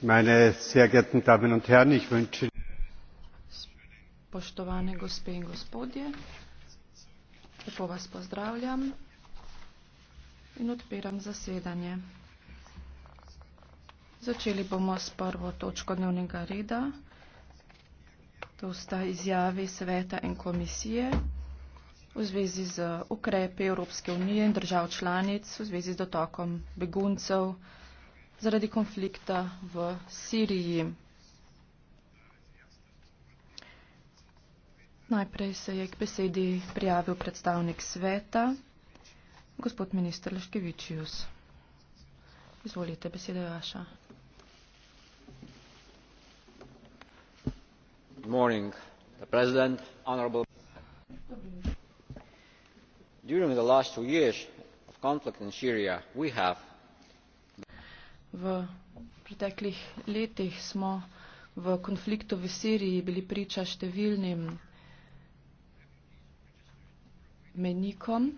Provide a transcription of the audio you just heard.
meine sehr geehrten damen und herren ich wünsche spoštovane gospe in gospodje lepo vas pozdravljam in odpiram zasedanje začeli bomo s prvo točko dnevnega reda to sta izjavi sveta in komisije v zvezi z ukrepi evropske unije in držav članic v zvezi z dotokom beguncev zaradi konflikta v Siriji. Najprej se je k besedi prijavil predstavnik sveta, gospod minister Leškevičius. Izvolite, beseda je vaša. Good morning, the president, honorable. During the last two years of conflict in Syria, we have V preteklih letih smo v konfliktu v Siriji bili priča številnim menikom.